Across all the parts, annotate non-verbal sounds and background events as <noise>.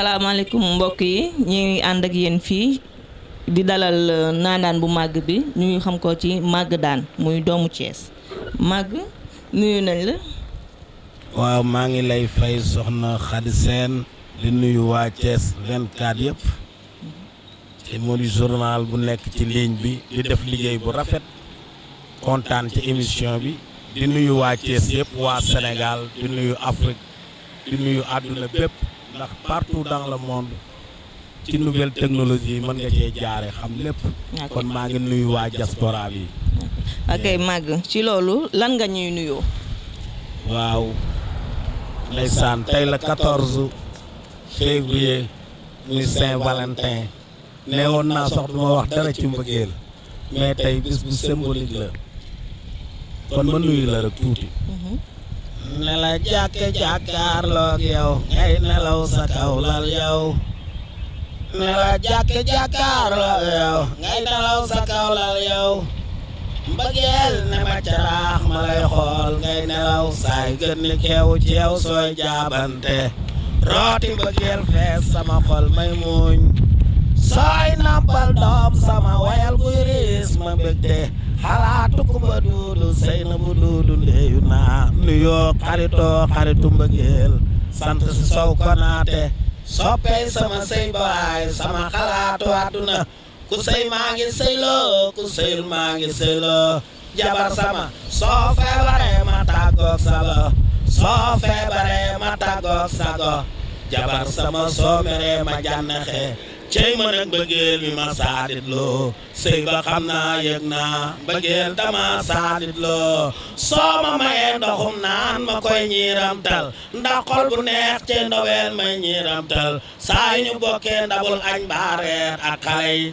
salaamaaleykum mbokk yi ñu ngi ànd ak yéen fii di dalal euh, naandaan bu màgg bi ñu ngi xam ko ci màgg daan muy doomu Thiès màgg nuyu nañ la. waaw maa ngi lay fay soxna Khady Sène di nuyu waa Thiès 24 yëpp te moo journal bu nekk ci liiñ bi di def liggéey bu rafet kontaan ci émission bi di nuyu waa Thiès yëpp waa senegal di nuyu Afrique di nuyu àdduna bépp. ndax partout dans le monde ci nouvelle technologie mën nga cee jaare xam lépp kon maa ngi nuyu waa diaspora bi ok màgg ci loolu lan nga ñuy nuyoo waaw ndeysaan tey la 14 février muy Saint-Valentin nee woon naa sax duma wax dara ci mbëggeel mais tey bis bu symbolique la kon ma nuyu la rek tuuti mhm. ne la jàkk-jàkkaarloog yow ngay nelaw sa kaw lal yow ne la jàkk-jàkkaarloog yow ngay nelaw sa kaw lal yow mbëggeel ne ma caraax ma lay xool ngay nelaw saay gën ni ci yow sooy jaabante rooti mbëggeel fees sama xol may muuñ sooy nampal doom sama wayal kuy riis ma mbégte xalaatu kumba duudu sëy na bu duudu ndeyu naa nuyoo xaritoo xaritu mbëggeel sant si sow konaate soppey sama sëy baay sama xalaatu àdduna ku sëy maa ngi sëyloo ku sëyul maa ngi sëyloo jabar sama soo feebaree ma tàggoog sago soo feebaree ma tàggoog sago jabar sama soo meree ma jànnaxee cey ma nag bëggeel mi ma saatit sëy ba xam naa yëg naa bëggeel dama saatit soo ma mayee ndoxum naan ma koy ñiiram ndax xol bu neex cey ndoweel may ñiiram saa yu ñu bokkee ndabul añ baa ak xale yi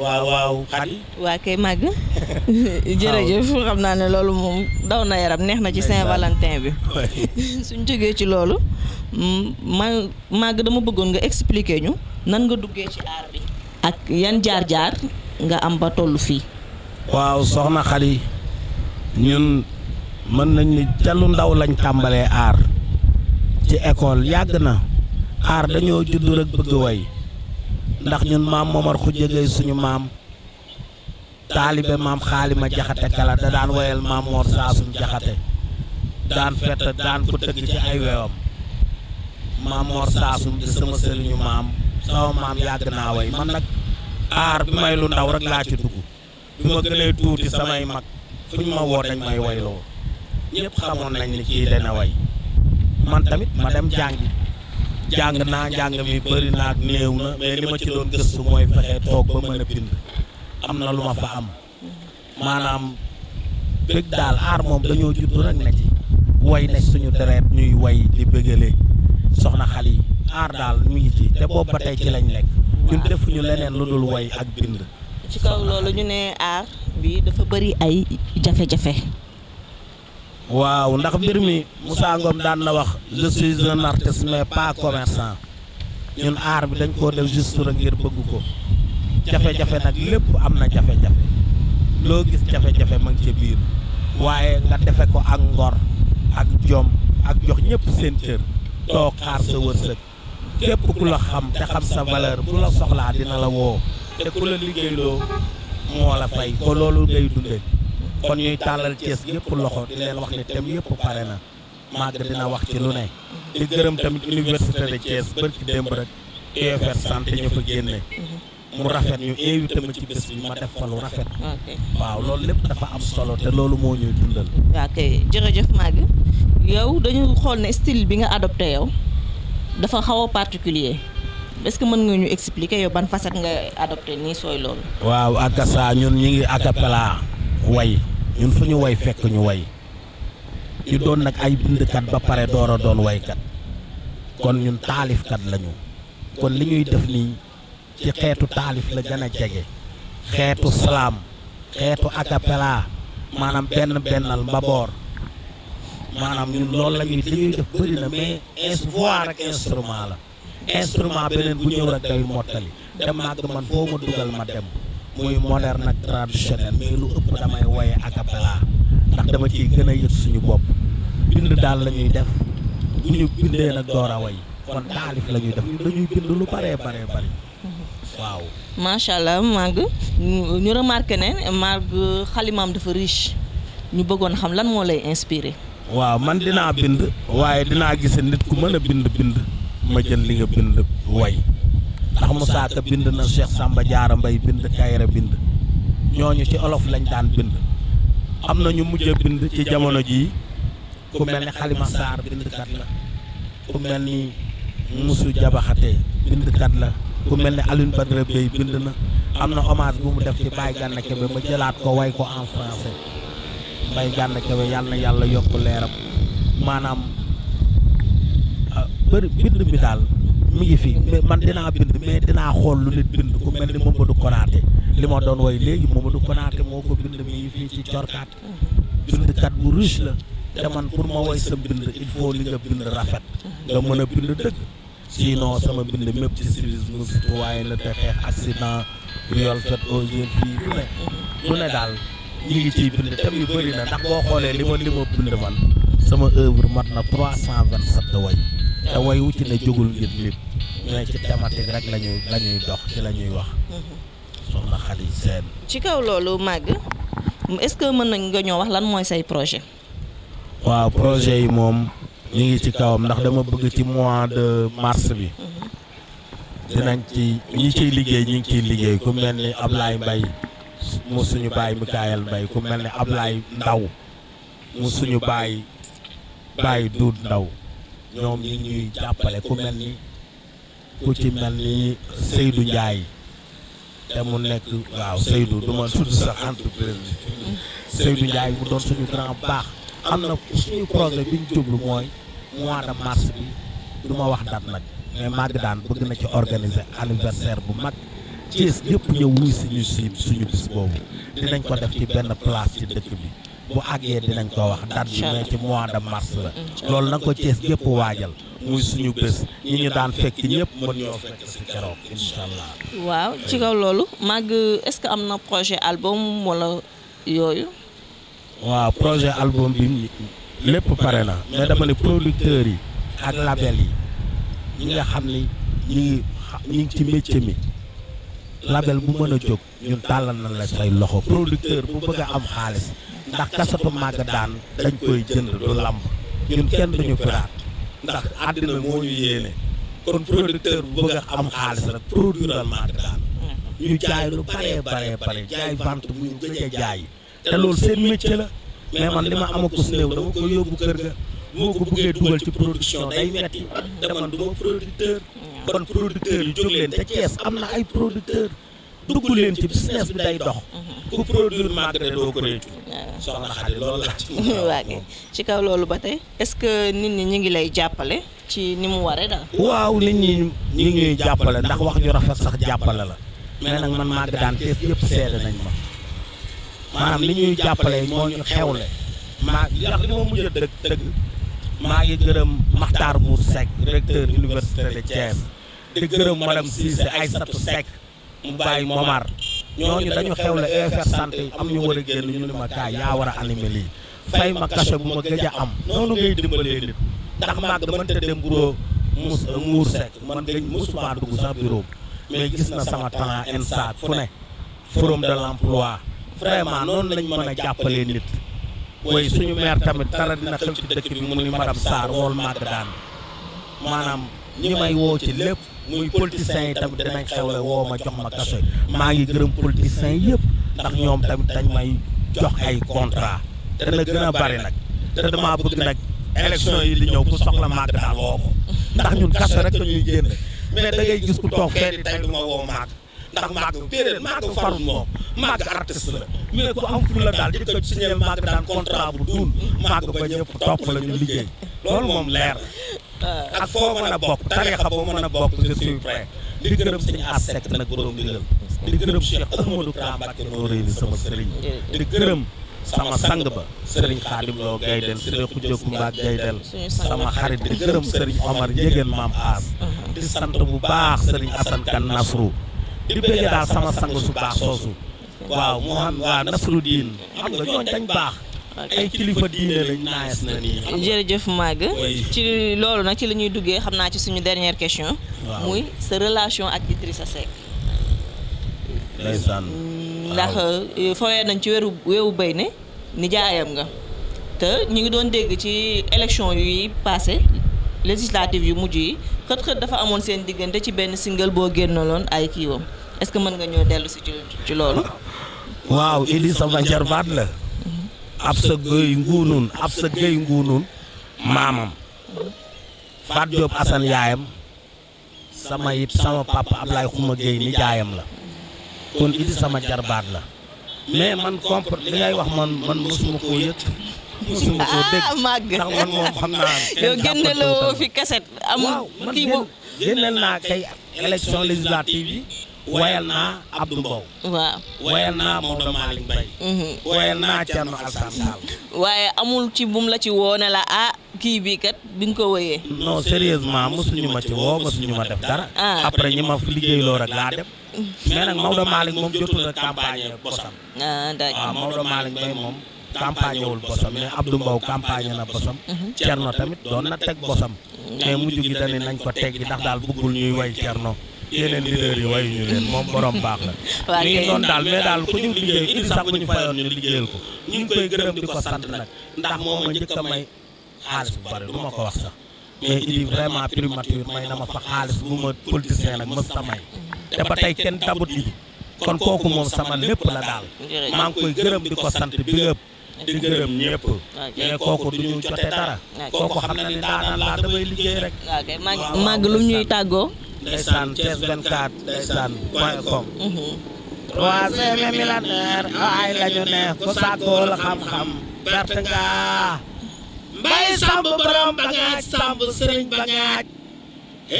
waaw waaw xadi waa kay màgg <laughs> jërëjëf xam naa ne loolu moom daw na yaram neex na ci Saint-Valentin bi <laughs> suñ jógee ci loolu màgg dama bëggoon nga expliquer ñu nan nga duggee ci aar bi ak yan jaar-jaar nga am ba toll fii waaw soxna Xadi ñun mën nañ ni ca ndaw lañ tàmbalee aar ci école yàgg na aar dañoo judd rek bëgg way ndax ñun maam Momar Khoudia Gueye suñu maam taalibe maam xaalima jaxate kala da daan woyal maam Mor Saasum jaxate daan fett daan ko tëgg ci ay weewam maam Mor Saasum di maam sama maam yàgg naa way man nag aar bi may lu ndaw rek laa ci dugg bi ma gënee tuuti samay mag fu ñu ma woo dañ may wayloo ñëpp xamoon nañ ni ci dana way man tamit ma dem jàngi jàng naa jàng mi bëri naag néew na mais li ma ci doon gëstu mooy fexe toog ba mën a bind am na lu ma fa am maanaam bëgg daal aar moom dañoo judd rek na ci way ne suñu deret ñuy way di bëggale soxna xal yi aar daal mi ngi ci te boobu ba ci lañ nekk ñun defuñu leneen lu dul woy ak bind ci kaw loolu ñu ne bi dafa bëri ay jafe-jafe waaw ndax mbir mi Moussa Ngom daan na wax je suis un artiste mais pas commerçant ñun aar bi dañ koo def juste rek ngir bëgg ko jafe-jafe nag lépp am na jafe-jafe loo gis jafe-jafe ma ngi ca biir waaye nga defe ko ak ngor ak jom ak jox ñëpp seen cër toog xaar sa wërsëg képp ku la xam te xam sa valeur bu la soxlaa dina la woo te ku la liggéeyloo moo la fay ko loolu ngay dunde kon ñuy tàllal Cees yëpp loxo di leen wax ne tem yëpp pare na màgg dina wax ci lu ne di gërëm tamit université de Thiès bërki démb rek UFR santé ñu fa génne mu rafet ñu invité ma ci bés bi ma def fa lu rafet waaw loolu lépp dafa am solo te loolu moo ñuy dundal waaw kay jërëjëf Maguette yow dañu xool ne style bi nga adopté yow dafa xaw a particulier est-ce que mën nga ñu expliquer yow ban facette nga adopté nii sooy loolu. waaw ak ñun ñu ngi acapella way ñun fu ñu way fekk ñu woy ñu doon nag ay bindkat ba pare door a doon waykat kon ñun taalifkat lañu kon li ñuy def nii ci xeetu taalif la gën a jege xeetu salaam xeetu acapella maanaam benn bennal mbaboor maanaam ñun loolu la ñuy li ñuy def bëri na mais voix rek instrument la instrument beneen bu ñëw rek day mottali dem màgg man foo ma dugal ma dem muy moderne ak traditionnel mais lu ëpp damay woye a cappella ndax dama ciy gën a yëg suñu bopp bind daal la ñuy def bu ñu bindee nag door a kon taalif la def dañuy bind lu baree baree bari waaw macha allah màgg ñu remarqué ne màgg xalimaam dafa riche ñu bëggoon xam lan moo lay inspire waaw man dinaa bind waaye dinaa gise nit ku mën bind bind ma jël li nga bind way ndax Moussa Ka bind na Cheikh sàmba Diarra Mbaye bind Kayra bind ñooñu ci olof lañ daan bind am na ñu mujj bind ci jamono jii ku mel ni Xalima Sarr bindkat la ku mel ni Moussou Diabaxate bindkat la ku mel ni Alioune Badara Bey bind na am na hommage bu mu def ci Baye Gana Kebe ma jëlaat ko way ko en français Mbaye Gana Kebe yàlla na yàlla yokk leeram maanaam ah, bëri bind bi daal mi ngi fi mais man dinaa bind mais dinaa xool lu nit bind ku mel ni Mamadou Konaté li ma doon woy léegi Mamadou Konaté moo ko bind mi ngi fii ci corkaat bindkat bu riche la te man pour ma woy sa bind il faut li nga bind rafet nga mën a bind dëgg sinon sama bind mépp ci service mu waaye la te xeex accident viol fait aux jeunes filles du ne ne daal ñu ngi ciy bind thèmes yu bëri ndax boo xoolee li ma li ma bind man sama œuvre mat na trois cent vingt sept way te way wu ci ne jógul ngir nit mais ci thématique rek la ñuy la ñuy dox ci lañuy wax mm-hmm. soxna Xadi ci kaw loolu màgg est-ce que mën nañ nga ñoo wax lan mooy say projet waaw projet yi moom ñu ngi ci kawam ndax dama bëgg ci mois de mars bi mm-hmm. dinañ ci ñi ciy liggéey ñi ngi ciy liggéey ku mel ni lay Mbaye mu suñu baay Mikaayel Mbay ku mel ne Ablaay Ndaw mu suñu baay baay Duud Ndaw ñoom ñi ñuy jàppale ku mel ni ku ci mel ni Seydou Ndiaye te mu nekk waaw Seydou du ma tudd sax entreprise Seydou Ndiaye mu doon suñu grand baax am na suñu projet bi ñu jublu mooy mois de mars bi du wax date nag mais màgg daan bëgg na ci organiser anniversaire bu mag Thiès yëpp ñëw wuy suñu si suñu bis boobu dinañ ko def ci benn place ci dëkk bi bu àggee dinañ ko wax date bi mais ci mois mars la loolu na ko Thiès yëpp waajal muy suñu bés ñi ñu daan fekk ñëpp mën ñoo fekk si keroog incha allah. waaw ci kaw loolu màgg est-ce que am na projet album wala yooyu. waaw projet album bi lépp pare na mais dama ne producteurs yi ak label yi ñi nga xam ni ñi ñu ngi ci métier mi. label bu mën a jóg ñun tàllal na la say loxo producteur bu bëgg a am xaalis ndax kasatu màgg daan dañ koy jënd du lamb ñun kenn duñu piraat ndax àddina moo ñu yéene kon producteur bu bëgg a am xaalis rek produiral màgg daan ñu jaay lu bare bare bare jaay vente bu ñu gëj a jaay te loolu seen métier la li ma amakus néew dama ko yóbbu kër ga moo ko buggee dugal ci production day metti te man du producteur bon producteurs yu jóg te Thiès am na ay producteurs dugg leen ci business bi day dox. Mhm. ku produire malgré doo ko réccu. soxna loolu la <laughs> ci. ba tey est-ce que nit ñi ñu ngi lay jàppale ci ni mu waree daal. waaw nit ñi ñu ngi ñuy jàppale ndax wax ju rafet sax jàppale la. mais nag man màgg daan Thiès yëpp seede nañ ma. maanaam li ñuy jàppale moo ñu xewle. maa li tax li ma mujj a dëgg dëgg. maa ngi gërëm Makhtar Mour Seck directeur université de Thiès. di gërëm madame Cissé Aïssatou Seck mu bàyyi Momar ñooñu dañu xewle EFR santé am ñu war a génn ñu ne ma kaa yaa war a animé lii fay ma cachet bu ma gëj a am noonu ngay dimbalee nit ndax maag damante dem bureau mus muur sec ma dañ musuma dugg sax bureau mais gis na sama talent INSA fu ne forum de l'emploi vraiment noonu lañ mën a jàppalee nit way suñu maire tamit dara dina xew ci dëkk bi mu ni madame Sarr wool maanaam ñi may woo ci lépp muy politiciens yi tamit dinañ xewle woo ma jox ma kaso maa ngi gërëm politiciens yëpp ndax ñoom tamit dañ may jox ay contrat dana gën a bari nag te damaa bëgg nag élection yi di ñëw ku soxla màgg daal woo ko ndax ñun kaso rek dañuy génn mais da ngay gis ku toog fee di tey ma woo màgg ndax màgg péréel màgg farul moom màgg artiste la ku am fu la daal di ko signé màgg daan contrat bu duun màgg ba ñëpp topp la ñu liggéey loolu moom leer ak foo mën a bokk tarixa boo mën a bokk je suis prêt di gërëm sëñ Assec nag borom ndigal di gërëm Cheikh Ahmadou Kara Mbacké noo réy ni sama sëriñ di gërëm sama sang ba sëriñ Xaadim Lo Gaydel sëriñ Xuja Kumba Gaydel sama xarit di gërëm sëriñ Omar Njégéen Maam Aas di sant bu baax sëriñ Asan Kan Nasru di bëgg daal sama sang su baax soosu waaw moo xam waa Nasru diin xam nga ñooñ dañ baax ay kilifa diine lañ naas na nii jërëjëf màgg ci loolu nag ci la ñuy duggee xam naa ci suñu dernière question muy sa relation ak Idrissa Seck ndeysaan ndax fawee nañ ci weeru weewu béy ne nijaayam nga te ñu ngi doon dégg ci élection yuy passé législative yu mujj yi xët-xët dafa amoon seen diggante ci benn single boo génnaloon ay kiiwam est-ce que mën nga ñoo dellu si ci ci loolu waaw Idrissa sama jarbaat la Absa Gueye ab Absa Gueye Nguunun maamam Faat Diop Assane yaayam sama it sama papa Ablaye Xuma Gueye ni la kon idi sama jarbaat la mais man compre li wax man man mosuma koo yëg mosuma koo dégg ah, màgg ndax man moom xam naa yow génneel naa kay élection législative yi wayal naa Abdou Mbow. waaw wayal naa Maodo Malick Mbaye. Mhm. wayal waaye amul ci bum la ci woo ne la ah kii bii kat bi nga ko woyee non sérieusement mosuñu ma ci woo mosuñu ma def dara. Ah. après ñu ma liggéeyloo rek laa dem. Mhm. mais nag Maodo Malick moom jotul rek campagne bosam. ah d'accord waaw ah, Maodo Malick Mbaye moom. campagne wul bosam mais Abdou Mbow campagne na bosam. Mhm. Thierno tamit doon na teg bosam. mais mujj gi dañu nañ ko teggi ndax daal bëggul ñuy way Thierno. yeneen leader yi wayu ñu leen moom borom baax la ñu <laughs> ngi noonu daal mais daal ku ñu liggéey indi sax bu ñu fayoon ñu liggéeyal ko ñu koy gërëm di ko sant nag ndax moom a njëkk a may xaalis bu bari du ma ko wax sax mais idi vraiment primature may na ma fa xaalis bu ma politicien nag mës ta may te ba tey kenn tabut idi kon kooku moom sama lépp la daal maa ngi koy gërëm di ko sant bi lépp di gërëm ñëpp mais kooku du ñu jote dara kooku xam na ne daanaan laa damay liggéey ndeysaan Thiès 24 ndeysaan point com troisième millénaire ay lañu ne ku sàkkool xam-xam perte nga mbay sàmb borom bagaaj sàmb sëriñ bagaaj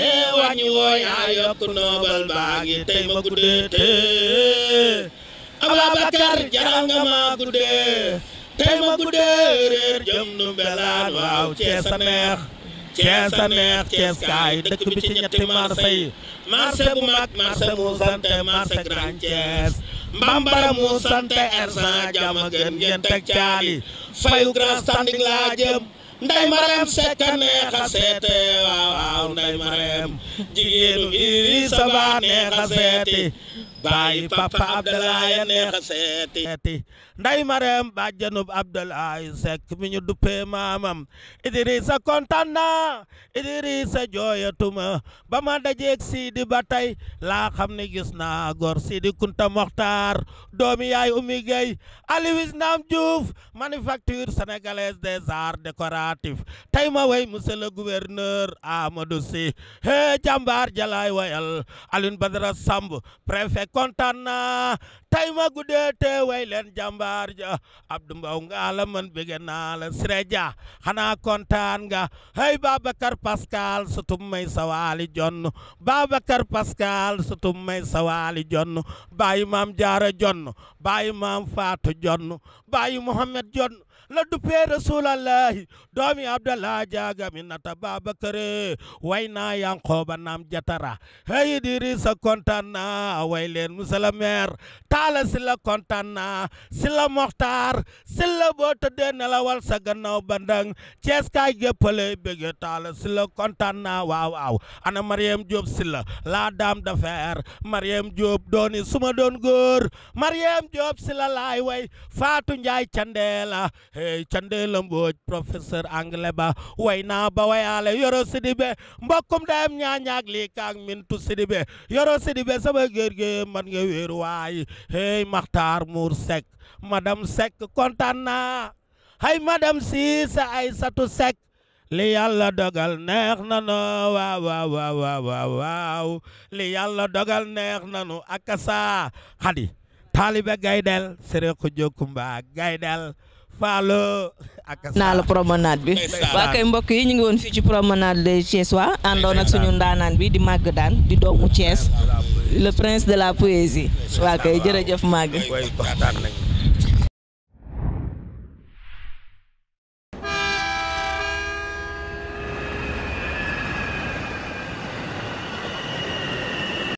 ee eh, wàññi woo ah, yaa noobal baa ngi tey ma guddee te Ababacar jaral nga ma guddee tey ma guddee réer jëm nu mbelaan waaw Thiès a neex Cees a neex Cees kaay dëkk bi ci ñetti yi marché bu mag marché mu sante marché Grand Cees mbambara mu sante ersan jàmm gën ngeen teg caali fayu grand standing laa jëm mareem sekk neex a seete waaw waaw nday mareem jigéenu iri sa baa neex a seeti bàyyi papa Abdoulaye neex a seeti nday mareem bàjjanub Abdoulaye Seck mi ñu duppee maamam Idrissa kontaan naa Idrissa jooyatuma ba ma dajeeg Sidi ba tey laa xam ne gis naa gor Sidi Kunta Mokhtar doomi yaay Oumy Gueye Aloyse Nam Diouf manufacture sénégalaise des arts décoratifs tey ma way monsieur le gouverneur Amadou hee jàmbaar jalaay wayal Alioune Badara Samb kontaan naa tey ma guddee te way leen ja Abdou nga la man bëgg naa la Siré Dia xanaa kontaan nga hey Babacar Pascal sutum may sawaali jonn Babacar Pascal sutum may sawaali jonn bàyyi maam Jaara jonn bàyyi maam Faatu jonn bàyyi Muhammad jonn la duppee rasulallahi doomi abdallah jaaga mi nata babakare way naa yankooba naam jatara hey Idrissa kontaan naa way leen monsieur le maire taala si la kontaan naa si la moxtaar si la boo tëddee nelawal sa gannaaw bandang Cees kaay géppale bégge taala si la kontaan naa waaw waaw ana Mariam Diop sila la la dame de Mariam Diop dooni suma doon góor Mariam Diop si la laay way Faatu Njaay candeela hey candeela mbooj professeur anglais ba way naa ba wayaale yoro Sidibe mbokkum dayam ñaañaag lii kaag mintu Sidibe yoro Sidibe sama gërgëm man nga wéeru waay hey Makhtar Mour Seck madame Seck kontaan naa hay madame Cissé satu Seck li yàlla dogal neex na nu waaw waaw waaw waaw li yàlla dogal neex na nu akasa xadi taalibe gaydel sere ko jokkumba gaydel faalo ak naa la promenade bi waa kay mbokk yi ñu ngi woon fii ci promenade de Thiès waa àndoon ak suñu ndaanaan bi di màgg daan di doomu Thiès le prince de la poésie waa kay jërëjëf màgg